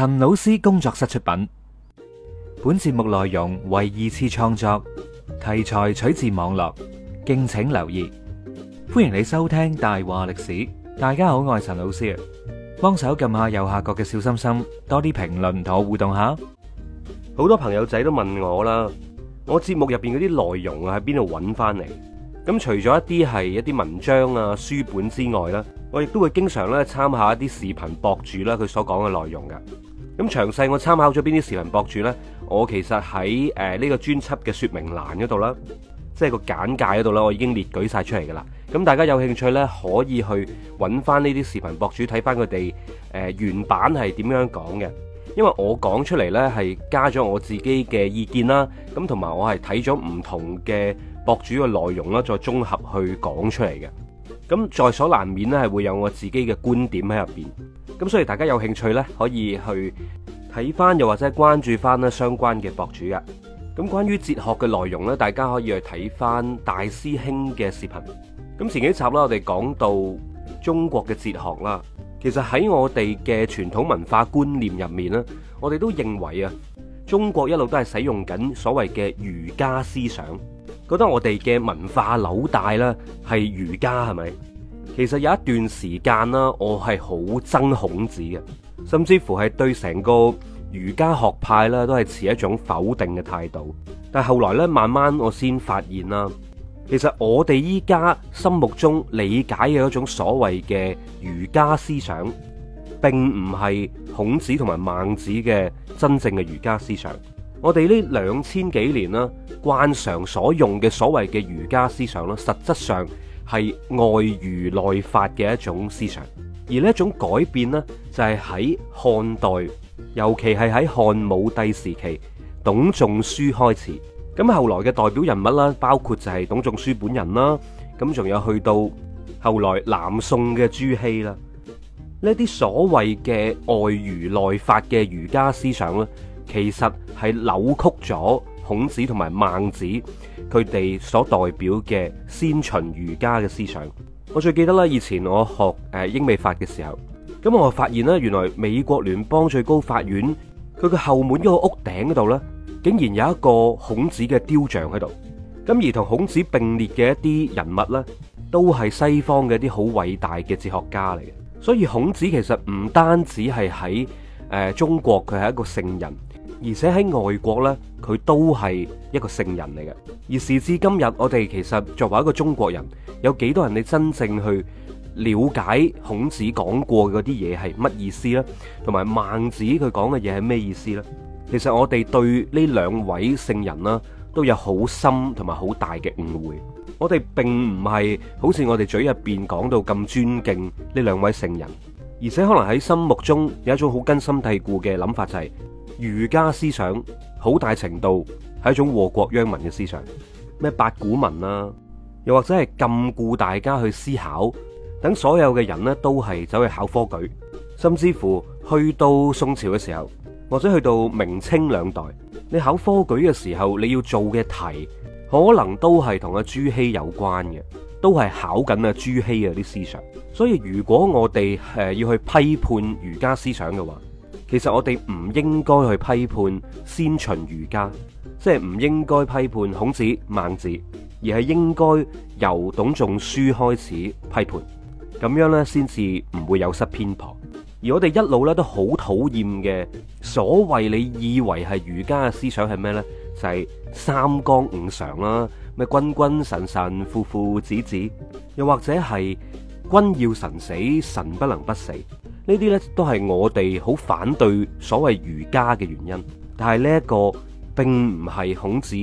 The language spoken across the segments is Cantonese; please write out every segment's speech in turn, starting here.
陳老 C 工作室出品，本節目內容為二次創作，題材取自網絡，敬請留意。歡迎你收聽大話歷史。大家好，我係陳老 C。幫手撳下右下角嘅小心心，多啲評論同我互動下。好多朋友仔都問我啦，我節目入邊嗰啲內容啊，喺邊度揾翻嚟？咁除咗一啲係一啲文章啊書本之外咧，我亦都會經常咧參考一啲視頻博主啦，佢所講嘅內容噶。咁詳細，我參考咗邊啲視頻博主呢？我其實喺誒呢個專輯嘅説明欄嗰度啦，即係個簡介嗰度啦，我已經列舉晒出嚟㗎喇。咁大家有興趣呢，可以去揾翻呢啲視頻博主睇翻佢哋誒原版係點樣講嘅，因為我講出嚟呢，係加咗我自己嘅意見啦。咁同埋我係睇咗唔同嘅博主嘅內容啦，再綜合去講出嚟嘅。咁在所難免咧，係會有我自己嘅觀點喺入邊。咁所以大家有興趣呢，可以去睇翻，又或者關注翻咧相關嘅博主嘅。咁關於哲學嘅內容呢，大家可以去睇翻大師兄嘅視頻。咁前幾集啦，我哋講到中國嘅哲學啦，其實喺我哋嘅傳統文化觀念入面呢，我哋都認為啊，中國一路都係使用緊所謂嘅儒家思想。覺得我哋嘅文化紐帶呢，係儒家，係咪？其實有一段時間啦，我係好憎孔子嘅，甚至乎係對成個儒家學派呢都係持一種否定嘅態度。但係後來呢，慢慢我先發現啦，其實我哋依家心目中理解嘅嗰種所謂嘅儒家思想，並唔係孔子同埋孟子嘅真正嘅儒家思想。我哋呢兩千幾年啦，慣常所用嘅所謂嘅儒家思想啦，實質上係外儒內法嘅一種思想。而呢種改變呢，就係喺漢代，尤其係喺漢武帝時期，董仲舒開始。咁後來嘅代表人物啦，包括就係董仲舒本人啦，咁仲有去到後來南宋嘅朱熹啦，呢啲所謂嘅外儒內法嘅儒家思想啦。其實係扭曲咗孔子同埋孟子佢哋所代表嘅先秦儒家嘅思想。我最記得咧，以前我學誒英美法嘅時候，咁我發現咧，原來美國聯邦最高法院佢嘅後門一個屋頂嗰度咧，竟然有一個孔子嘅雕像喺度。咁而同孔子並列嘅一啲人物咧，都係西方嘅一啲好偉大嘅哲學家嚟嘅。所以孔子其實唔單止係喺誒中國，佢係一個聖人。而且喺外國呢，佢都係一個聖人嚟嘅。而時至今日，我哋其實作為一個中國人，有幾多人你真正去了解孔子講過嗰啲嘢係乜意思呢？同埋孟子佢講嘅嘢係咩意思呢？其實我哋對呢兩位聖人啦，都有好深同埋好大嘅誤會。我哋並唔係好似我哋嘴入邊講到咁尊敬呢兩位聖人，而且可能喺心目中有一種好根深蒂固嘅諗法，就係。儒家思想好大程度係一種禍國殃民嘅思想，咩八股文啦，啊，又或者係禁錮大家去思考，等所有嘅人咧都係走去考科舉，甚至乎去到宋朝嘅時候，或者去到明清兩代，你考科舉嘅時候你要做嘅題，可能都係同阿朱熹有關嘅，都係考緊阿朱熹嗰啲思想。所以如果我哋誒、呃、要去批判儒家思想嘅話，其實我哋唔應該去批判先秦儒家，即係唔應該批判孔子孟子，而係應該由董仲舒開始批判，咁樣咧先至唔會有失偏頗。而我哋一路咧都好討厭嘅，所謂你以為係儒家嘅思想係咩呢？就係三綱五常啦，咩君君臣臣父父子子，又或者係君要臣死，臣不能不死。呢啲呢都係我哋好反對所謂儒家嘅原因，但係呢一個並唔係孔子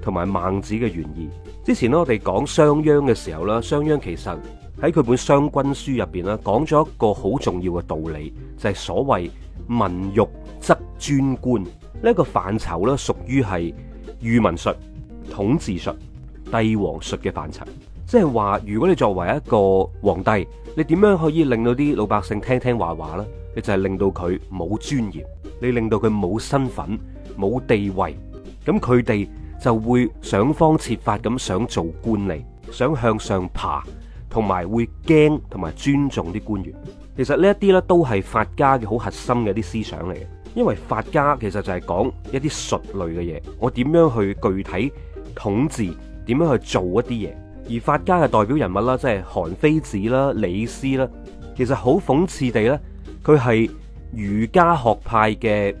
同埋孟子嘅原意。之前咧我哋講商鞅嘅時候咧，商鞅其實喺佢本《商君書》入邊咧講咗一個好重要嘅道理，就係、是、所謂民欲則尊官呢個範疇呢屬於係係御民術、統治術、帝王術嘅範疇。即係話，如果你作為一個皇帝，你點樣可以令到啲老百姓聽聽話話呢？你就係令到佢冇尊嚴，你令到佢冇身份、冇地位，咁佢哋就會想方設法咁想做官吏，想向上爬，同埋會驚同埋尊重啲官員。其實呢一啲呢都係法家嘅好核心嘅一啲思想嚟嘅，因為法家其實就係講一啲術類嘅嘢，我點樣去具體統治，點樣去做一啲嘢。而法家嘅代表人物啦，即係韓非子啦、李斯啦，其實好諷刺地咧，佢係儒家學派嘅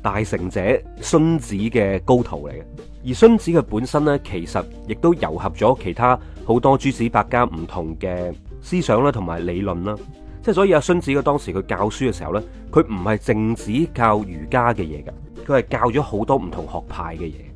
大成者荀子嘅高徒嚟嘅。而荀子佢本身咧，其實亦都糅合咗其他好多諸子百家唔同嘅思想啦，同埋理論啦。即係所以阿荀子嘅當時佢教書嘅時候咧，佢唔係淨止教儒家嘅嘢嘅，佢係教咗好多唔同學派嘅嘢。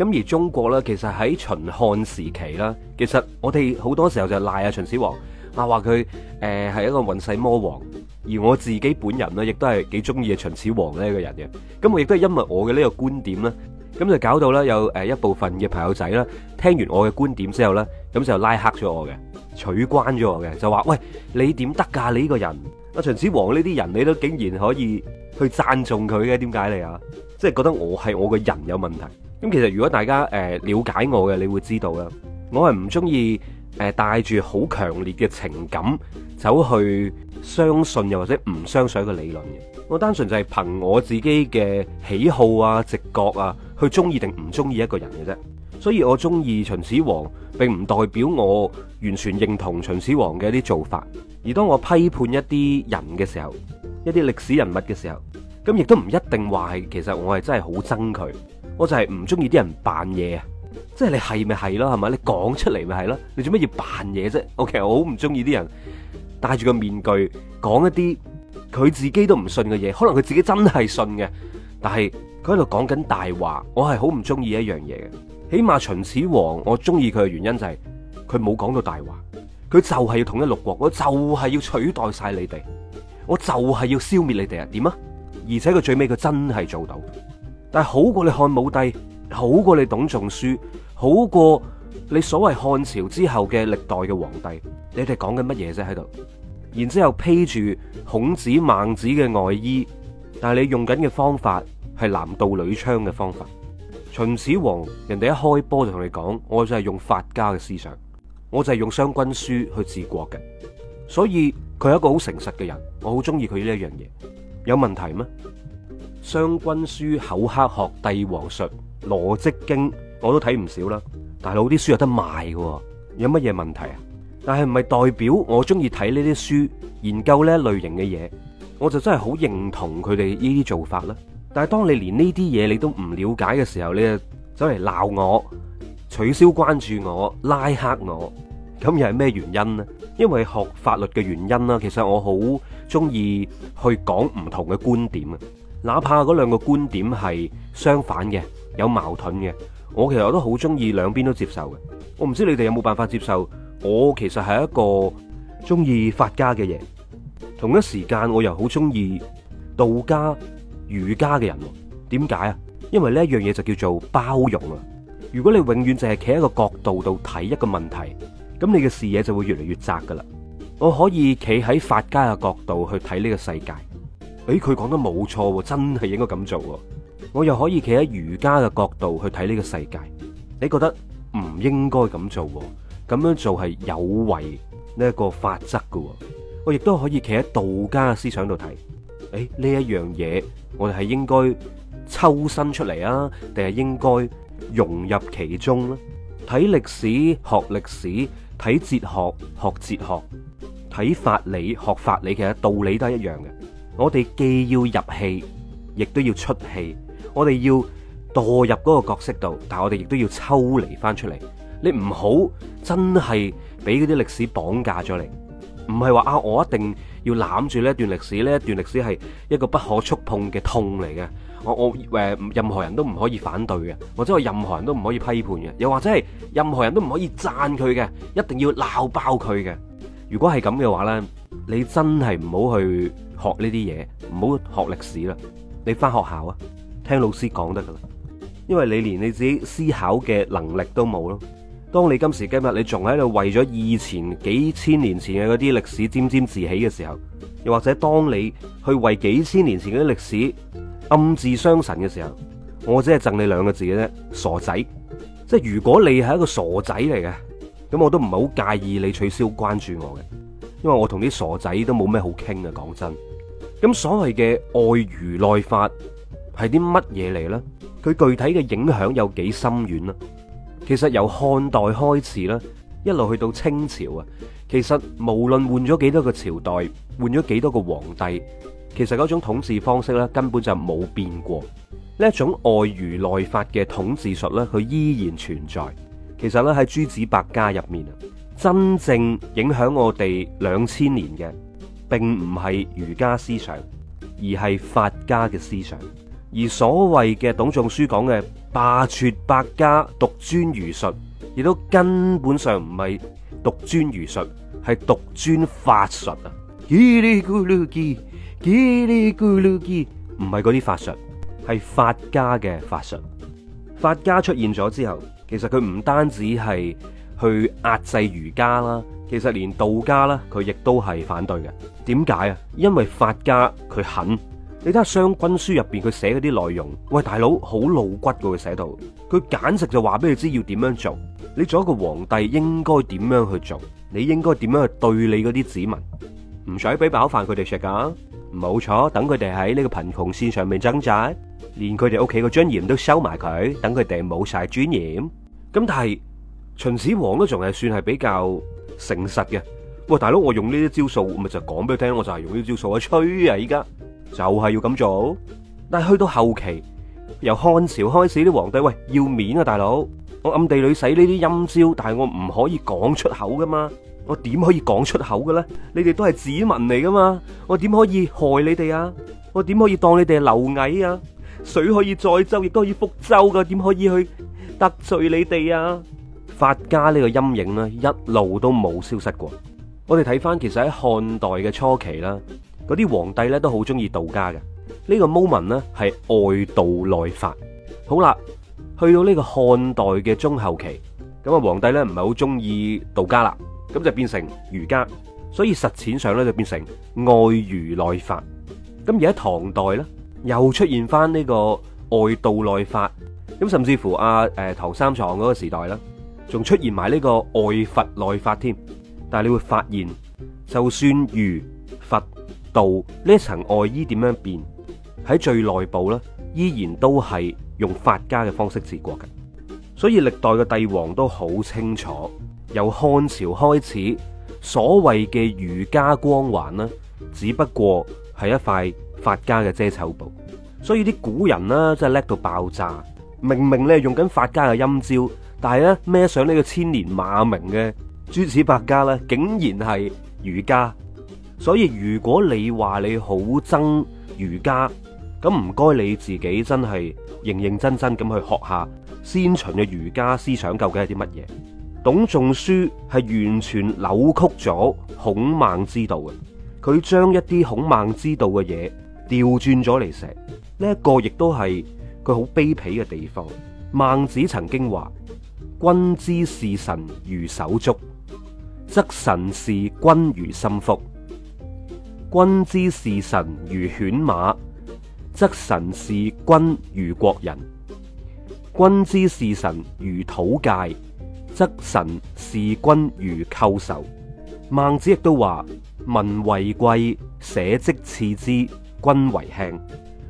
咁而中國咧，其實喺秦漢時期啦，其實我哋好多時候就賴啊秦始皇，啊話佢誒係一個混世魔王。而我自己本人咧，亦都係幾中意秦始皇呢個人嘅。咁我亦都係因為我嘅呢個觀點咧，咁就搞到咧有誒一部分嘅朋友仔啦，聽完我嘅觀點之後咧，咁就拉黑咗我嘅，取關咗我嘅，就話喂，你點得噶？你呢個人啊，秦始皇呢啲人，你都竟然可以去讚頌佢嘅，點解你啊？即係覺得我係我個人有問題。咁其實如果大家誒、呃、了解我嘅，你會知道啦，我係唔中意誒帶住好強烈嘅情感走去相信又或者唔相信一個理論嘅。我單純就係憑我自己嘅喜好啊、直覺啊去中意定唔中意一個人嘅啫。所以我中意秦始皇，並唔代表我完全認同秦始皇嘅一啲做法。而當我批判一啲人嘅時候，一啲歷史人物嘅時候，咁亦都唔一定話係其實我係真係好憎佢。我就係唔中意啲人扮嘢，即係你係咪係咯，係咪？你講出嚟咪係咯，你做乜要扮嘢啫？o k 我好唔中意啲人戴住個面具講一啲佢自己都唔信嘅嘢，可能佢自己真係信嘅，但係佢喺度講緊大話，我係好唔中意一樣嘢嘅。起碼秦始皇我中意佢嘅原因就係佢冇講到大話，佢就係要統一六國，我就係要取代晒你哋，我就係要消滅你哋啊！點啊？而且佢最尾，佢真係做到。但係好過你漢武帝，好過你董仲舒，好過你所謂漢朝之後嘅歷代嘅皇帝，你哋講緊乜嘢啫喺度？然之後披住孔子孟子嘅外衣，但係你用緊嘅方法係男盜女娼嘅方法。秦始皇人哋一開波就同你講，我就係用法家嘅思想，我就係用《商君書》去治國嘅，所以佢係一個好誠實嘅人，我好中意佢呢一樣嘢。有問題咩？《商君書》、《口黑學》、《帝王術》、《羅織經》，我都睇唔少啦。大佬啲書有得賣嘅，有乜嘢問題啊？但係唔係代表我中意睇呢啲書，研究呢一類型嘅嘢，我就真係好認同佢哋呢啲做法啦。但係當你連呢啲嘢你都唔了解嘅時候，你就走嚟鬧我、取消關注我、拉黑我，咁又係咩原因呢？因為學法律嘅原因啦。其實我好中意去講唔同嘅觀點啊。哪怕嗰兩個觀點係相反嘅，有矛盾嘅，我其實我都好中意兩邊都接受嘅。我唔知你哋有冇辦法接受？我其實係一個中意法家嘅嘢，同一時間我又好中意道家、儒家嘅人。點解啊？因為呢一樣嘢就叫做包容啊！如果你永遠淨係企喺一個角度度睇一個問題，咁你嘅視野就會越嚟越窄噶啦。我可以企喺法家嘅角度去睇呢個世界。俾佢講得冇錯，真係應該咁做。我又可以企喺儒家嘅角度去睇呢個世界。你覺得唔應該咁做，咁樣做係有違呢一個法則嘅。我亦都可以企喺道家嘅思想度睇。誒、哎，呢一樣嘢我哋係應該抽身出嚟啊，定係應該融入其中呢？睇歷史學歷史，睇哲學學哲學，睇法理學法理，其實道理都係一樣嘅。我哋既要入戲，亦都要出戲。我哋要墮入嗰個角色度，但我哋亦都要抽離翻出嚟。你唔好真係俾嗰啲歷史綁架咗你，唔係話啊，我一定要攬住呢一段歷史，呢一段歷史係一個不可觸碰嘅痛嚟嘅。我我誒，任何人都唔可以反對嘅，或者我任何人都唔可以批判嘅，又或者係任何人都唔可以讚佢嘅，一定要鬧爆佢嘅。如果係咁嘅話呢。你真係唔好去學呢啲嘢，唔好學歷史啦。你返學校，啊，聽老師講得噶啦。因為你連你自己思考嘅能力都冇咯。當你今時今日你仲喺度為咗以前幾千年前嘅嗰啲歷史沾沾自喜嘅時候，又或者當你去為幾千年前嘅啲歷史暗自傷神嘅時候，我只係贈你兩個字嘅啫，傻仔。即係如果你係一個傻仔嚟嘅，咁我都唔係好介意你取消關注我嘅。因為我同啲傻仔都冇咩好傾啊，講真。咁所謂嘅外儒內法係啲乜嘢嚟呢？佢具體嘅影響有幾深遠咧？其實由漢代開始咧，一路去到清朝啊，其實無論換咗幾多個朝代，換咗幾多個皇帝，其實嗰種統治方式咧根本就冇變過。呢一種外儒內法嘅統治術咧，佢依然存在。其實咧喺諸子百家入面啊。真正影響我哋兩千年嘅，並唔係儒家思想，而係法家嘅思想。而所謂嘅董仲舒講嘅罷黜百家，獨尊儒術，亦都根本上唔係獨尊儒術，係獨尊法術啊！嘰里咕嚕嘰，嘰里咕嚕嘰，唔係嗰啲法術，係法家嘅法術。法家出現咗之後，其實佢唔單止係。去壓制儒家啦，其實連道家啦，佢亦都係反對嘅。點解啊？因為法家佢狠，你睇下《商君書》入邊佢寫嗰啲內容。喂，大佬好露骨嘅，佢寫到，佢簡直就話俾你知要點樣做。你做一個皇帝應該點樣去做？你應該點樣去對你嗰啲子民？唔使俾飽飯佢哋食噶，冇錯。等佢哋喺呢個貧窮線上面掙扎，連佢哋屋企個尊嚴都收埋佢，等佢哋冇晒尊嚴。咁但係。秦始皇都仲係算係比較誠實嘅。喂，大佬，我用呢啲招數，咪就講俾佢聽，我就係用呢啲招數。我吹啊！依家就係要咁做。但係去到後期，由漢朝開始啲皇帝，喂，要面啊，大佬，我暗地裏使呢啲陰招，但係我唔可以講出口噶嘛。我點可以講出口噶咧？你哋都係子民嚟噶嘛？我點可以害你哋啊？我點可以當你哋係螻蟻啊？水可以載舟，亦都可以覆舟噶，點可以去得罪你哋啊？法家呢個陰影呢，一路都冇消失過。我哋睇翻，其實喺漢代嘅初期啦，嗰啲皇帝呢都好中意道家嘅、這個、呢個。moment 呢係外道內法。好啦，去到呢個漢代嘅中後期，咁啊皇帝呢唔係好中意道家啦，咁就變成儒家。所以實踐上呢，就變成外儒內法。咁而喺唐代呢，又出現翻呢個外道內法。咁甚至乎啊，誒、呃、唐三藏嗰個時代啦。仲出現埋呢個外佛內法添，但係你會發現，就算儒佛道呢層外衣點樣變，喺最內部呢依然都係用法家嘅方式治國嘅。所以歷代嘅帝王都好清楚，由漢朝開始，所謂嘅儒家光環呢，只不過係一塊法家嘅遮醜布。所以啲古人呢真係叻到爆炸，明明呢用緊法家嘅陰招。但係咧，孭上呢個千年罵名嘅諸子百家咧，竟然係儒家。所以如果你話你好憎儒家，咁唔該你自己真係認認真真咁去學下先秦嘅儒家思想，究竟係啲乜嘢？董仲舒係完全扭曲咗孔孟之道嘅，佢將一啲孔孟之道嘅嘢調轉咗嚟食呢一個，亦都係佢好卑鄙嘅地方。孟子曾經話。君之視臣如手足，則臣視君如心腹；君之視臣如犬馬，則臣視君如國人；君之視臣如土芥，則臣視君如寇仇。孟子亦都話：民為貴，社稷次之，君為輕。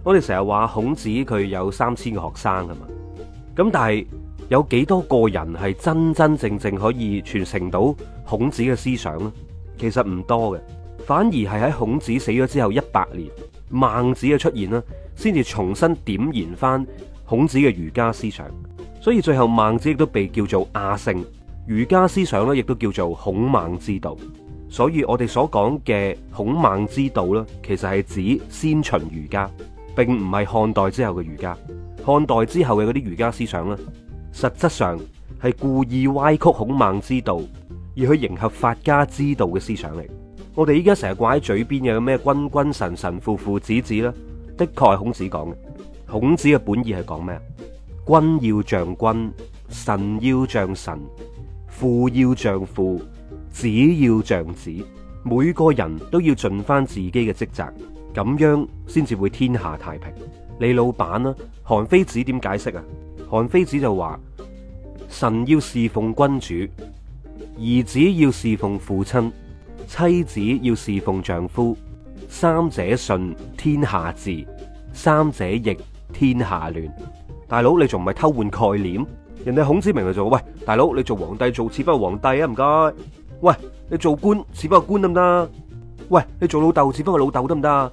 我哋成日話孔子佢有三千個學生啊嘛，咁但係。有幾多個人係真真正正可以傳承到孔子嘅思想呢？其實唔多嘅，反而係喺孔子死咗之後一百年，孟子嘅出現啦，先至重新點燃翻孔子嘅儒家思想。所以最後孟子亦都被叫做亞聖，儒家思想咧亦都叫做孔孟之道。所以我哋所講嘅孔孟之道咧，其實係指先秦儒家，並唔係漢代之後嘅儒家。漢代之後嘅嗰啲儒家思想咧。實質上係故意歪曲孔孟之道，而去迎合法家之道嘅思想嚟。我哋依家成日掛喺嘴邊有咩君君臣臣父父子子呢？的確係孔子講嘅。孔子嘅本意係講咩啊？君要像君，臣要像臣，父要像父，子要像子。每個人都要盡翻自己嘅職責，咁樣先至會天下太平。你老闆啦，韓非子點解釋啊？韓非子就話：神要侍奉君主，兒子要侍奉父親，妻子要侍奉丈夫，三者順天下治；三者逆天下亂。大佬，你仲唔係偷換概念？人哋孔子明就話：喂，大佬，你做皇帝做，似返個皇帝啊，唔該；喂，你做官似返個官得唔得？喂，你做老豆似返個老豆得唔得？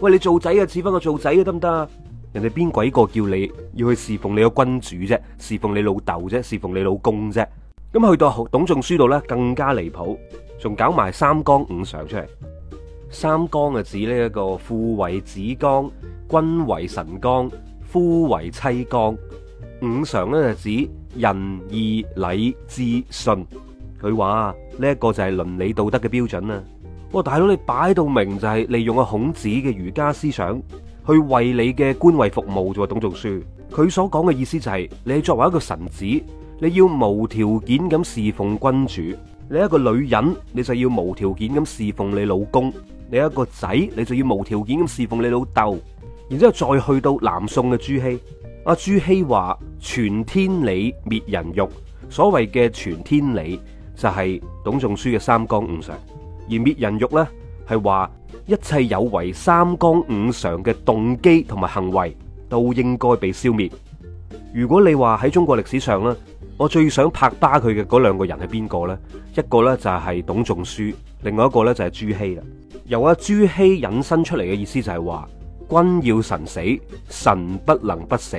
喂，你做仔啊，似返個做仔啊得唔得？人哋邊鬼個叫你要去侍奉你個君主啫，侍奉你老豆啫，侍奉你老公啫。咁去到董仲舒度咧，更加離譜，仲搞埋三綱五常出嚟。三綱啊、這個，指呢一個父為子綱，君為臣綱，夫為妻綱。五常咧就指仁義禮智信。佢話呢一個就係倫理道德嘅標準啊。哇，大佬你擺到明就係利用個孔子嘅儒家思想。去為你嘅官位服務啫，就是，董仲舒佢所講嘅意思就係，是，你作為一個臣子，你要無條件咁侍奉君主；你一個女人，你就要無條件咁侍奉你老公；你一個仔，你就要無條件咁侍奉你老豆。然之後再去到南宋嘅朱熹，阿朱熹話：全天理，滅人欲。所謂嘅全天理，就係，是，董仲舒嘅三綱五常；而滅人欲呢，係話一切有違三綱五常嘅動機同埋行為都應該被消滅。如果你話喺中國歷史上呢，我最想拍巴佢嘅嗰兩個人係邊個呢？一個呢就係董仲舒，另外一個呢就係朱熹啦。由阿朱熹引申出嚟嘅意思就係話：君要臣死，臣不能不死；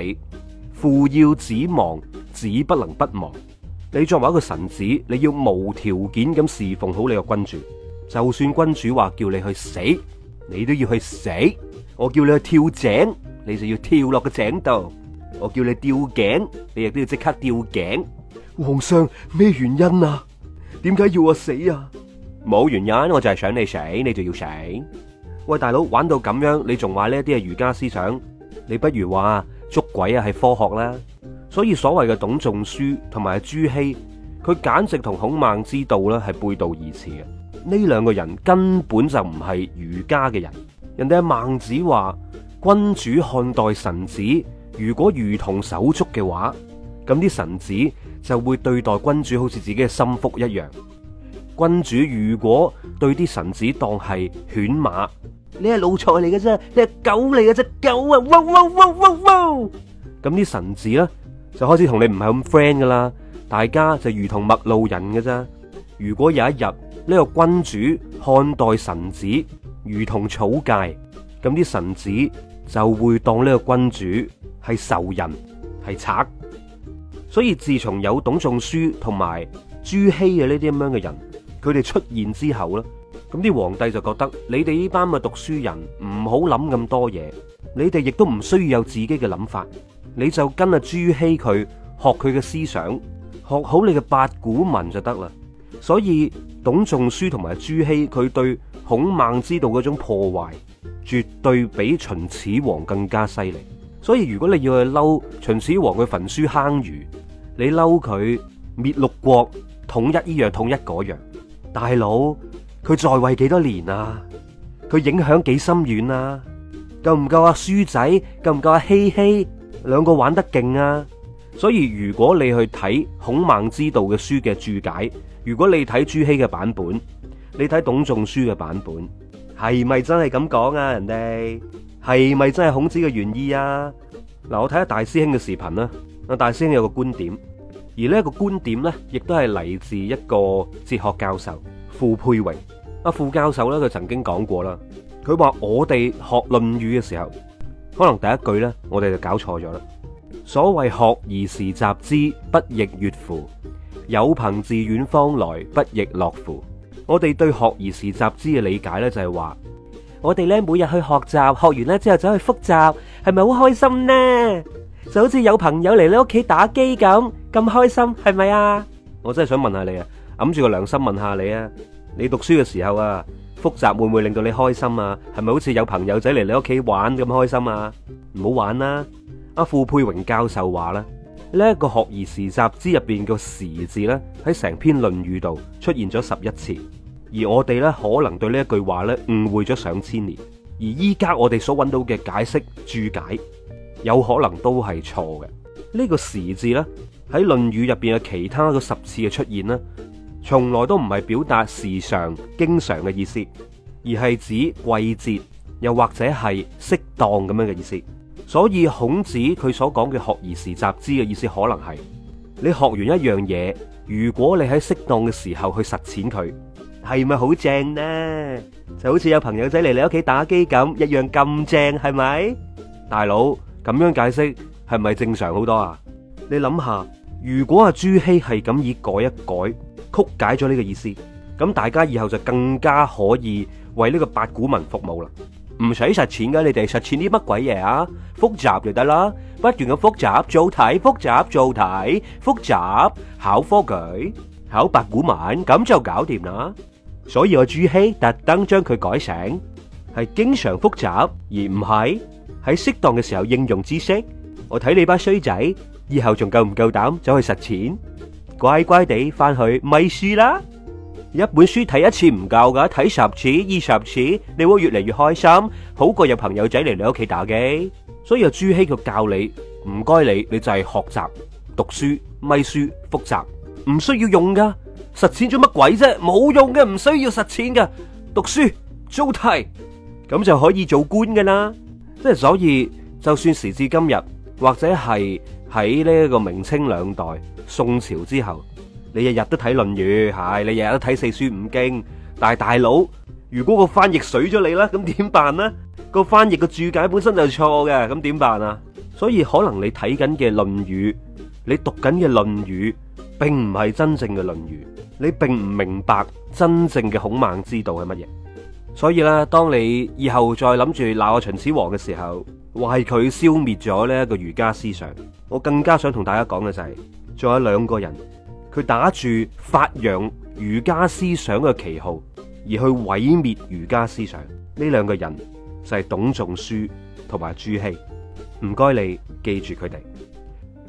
父要子亡，子不能不亡。你作為一個臣子，你要無條件咁侍奉好你個君主。就算君主話叫你去死，你都要去死。我叫你去跳井，你就要跳落個井度。我叫你吊頸，你亦都要即刻吊頸。皇上，咩原因啊？點解要我死啊？冇原因，我就係想你死，你就要死。喂，大佬玩到咁樣，你仲話呢啲係儒家思想？你不如話捉鬼啊係科學啦。所以所謂嘅董仲舒同埋朱熹，佢簡直同孔孟之道咧係背道而馳嘅。呢兩個人根本就唔係儒家嘅人，人哋阿孟子話：君主看待臣子，如果如同手足嘅話，咁啲臣子就會對待君主好似自己嘅心腹一樣。君主如果對啲臣子當係犬馬，你係奴才嚟嘅啫，你係狗嚟嘅啫，狗啊！汪汪汪汪汪！咁啲臣子呢，就開始同你唔係咁 friend 噶啦，大家就如同陌路人嘅啫。如果有一日，呢個君主看待臣子如同草芥，咁啲臣子就會當呢個君主係仇人係賊，所以自從有董仲舒同埋朱熹嘅呢啲咁樣嘅人，佢哋出現之後咧，咁啲皇帝就覺得你哋呢班嘅讀書人唔好諗咁多嘢，你哋亦都唔需要有自己嘅諗法，你就跟阿朱熹佢學佢嘅思想，學好你嘅八股文就得啦。所以。董仲舒同埋朱熹，佢對孔孟之道嗰種破壞，絕對比秦始皇更加犀利。所以如果你要去嬲秦始皇嘅焚書坑儒，你嬲佢滅六國統一依樣統一嗰樣，大佬佢在位幾多年啊？佢影響幾深遠啊？夠唔夠啊？書仔夠唔夠啊？希希兩個玩得勁啊？所以如果你去睇《孔孟之道》嘅書嘅註解，如果你睇朱熹嘅版本，你睇董仲舒嘅版本，係咪真係咁講啊？人哋係咪真係孔子嘅原意啊？嗱，我睇下大師兄嘅視頻啦。阿大師兄有個觀點，而呢個觀點咧，亦都係嚟自一個哲學教授傅佩榮。阿傅教授咧，佢曾經講過啦，佢話我哋學《論語》嘅時候，可能第一句咧，我哋就搞錯咗啦。所謂學而時習之，不亦悅乎？有朋自遠方來，不亦樂乎？我哋對學而時習之嘅理解呢，就係話我哋呢每日去學習，學完呢之後走去複習，係咪好開心呢？就好似有朋友嚟你屋企打機咁，咁開心係咪啊？ 我真係想問下你啊，揞住個良心問下你啊，你讀書嘅時候啊，複習會唔會令到你開心啊？係咪好似有朋友仔嚟你屋企玩咁開心啊？唔好玩啦～阿傅佩榮教授話啦，呢一個學而時習之入邊嘅時字咧，喺成篇論語度出現咗十一次，而我哋咧可能對呢一句話咧誤會咗上千年，而依家我哋所揾到嘅解釋注解，有可能都係錯嘅。呢個時字咧喺論語入邊嘅其他嘅十次嘅出現咧，從來都唔係表達時常經常嘅意思，而係指季節又或者係適當咁樣嘅意思。所以孔子佢所講嘅學而時習之嘅意思，可能係你學完一樣嘢，如果你喺適當嘅時候去實踐佢，係咪好正呢？就好似有朋友仔嚟你屋企打機咁，一樣咁正，係咪？大佬咁樣解釋係咪正常好多啊？你諗下，如果阿朱熹係咁以改一改曲解咗呢個意思，咁大家以後就更加可以為呢個八股文服務啦。唔使實踐噶，你哋實踐啲乜鬼嘢啊？復習就得啦，不斷咁復習做題、復習做題、復習考科舉、考八股文，咁就搞掂啦。所以我朱熹特登將佢改成係經常復習，而唔係喺適當嘅時候應用知識。我睇你班衰仔以後仲夠唔夠膽走去實踐？乖乖地翻去咪書啦。一本書睇一次唔夠噶，睇十次、二十次，你會越嚟越開心，好過有朋友仔嚟你屋企打機。所以阿朱熹佢教你，唔該你，你就係學習讀書、咪書、複習，唔需要用噶，實踐咗乜鬼啫，冇用嘅，唔需要實踐噶，讀書做題，咁就可以做官噶啦。即係所以，就算時至今日，或者係喺呢一個明清兩代、宋朝之後。你日日都睇《論語》，係你日日都睇《四書五經》，但係大佬，如果個翻譯水咗你啦，咁點辦呢？個翻譯嘅註解本身就錯嘅，咁點辦啊？所以可能你睇緊嘅《論語》，你讀緊嘅《論語》，並唔係真正嘅《論語》，你並唔明白真正嘅孔孟之道係乜嘢。所以啦，當你以後再諗住鬧阿秦始皇嘅時候，話係佢消滅咗呢一個儒家思想，我更加想同大家講嘅就係，仲有兩個人。佢打住發揚儒家思想嘅旗號，而去毀滅儒家思想。呢兩個人就係董仲舒同埋朱熹，唔該你記住佢哋。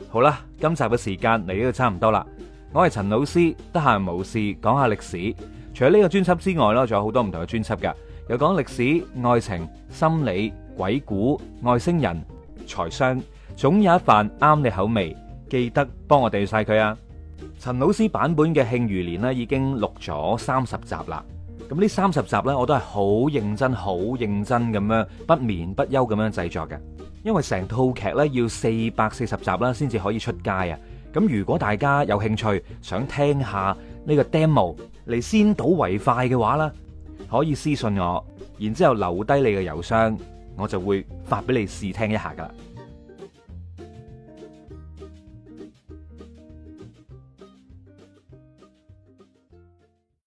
好啦，今集嘅時間嚟到就差唔多啦。我係陳老師，得閒無事講下歷史。除咗呢個專輯之外，呢仲有好多唔同嘅專輯㗎，有講歷史、愛情、心理、鬼故、外星人、財商，總有一番啱你口味。記得幫我訂晒佢啊！陳老師版本嘅慶餘年咧已經錄咗三十集啦，咁呢三十集咧我都係好認真、好認真咁樣不眠不休咁樣製作嘅，因為成套劇咧要四百四十集啦先至可以出街啊！咁如果大家有興趣想聽下呢個 demo 嚟，先睹為快嘅話啦，可以私信我，然之後留低你嘅郵箱，我就會發俾你試聽一下噶。